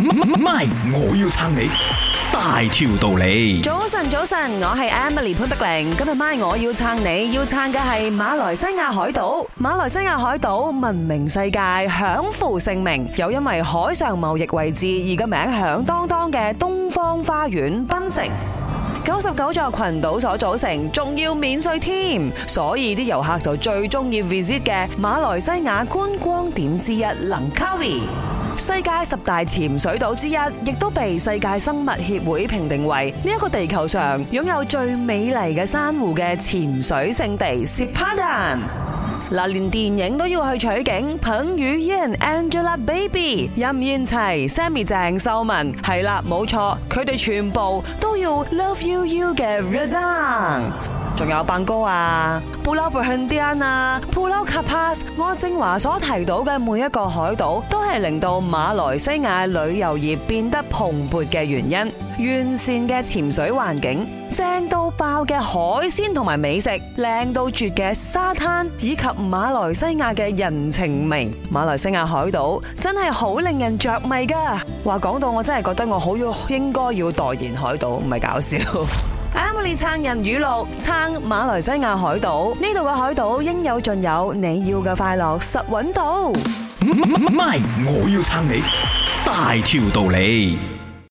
唔咪，我要撐你大條道理。早晨，早晨，我係 Emily 潘碧玲。今日咪我要撐你，要撐嘅係馬來西亞海島。馬來西亞海島聞名世界，享負盛名。又因為海上貿易位置而個名響當當嘅東方花園檳城，九十九座群島所組成，仲要免稅添。所以啲遊客就最中意 visit 嘅馬來西亞觀光點之一，Langkawi。世界十大潛水島之一，亦都被世界生物協會評定為呢一個地球上擁有最美麗嘅珊瑚嘅潛水勝地。Sipadan，嗱，連電影都要去取景。彭于晏 an,、Angelababy、任賢齊、Sammy 鄭秀文，係啦，冇錯，佢哋全部都要 Love You You 嘅 Redang 仲有邦哥啊，布拉布亨蒂安啊，布拉卡帕斯，我正話所提到嘅每一個海島，都係令到馬來西亞旅遊業變得蓬勃嘅原因。完善嘅潛水環境，正到爆嘅海鮮同埋美食，靚到絕嘅沙灘，以及馬來西亞嘅人情味，馬來西亞海島真係好令人着迷噶。話講到我真係覺得我好要應該要代言海島，唔係搞笑。阿彌撐人語錄，撐馬來西亞海島，呢度嘅海島應有盡有，你要嘅快樂實搵到，唔係，我要撐你，大條道理。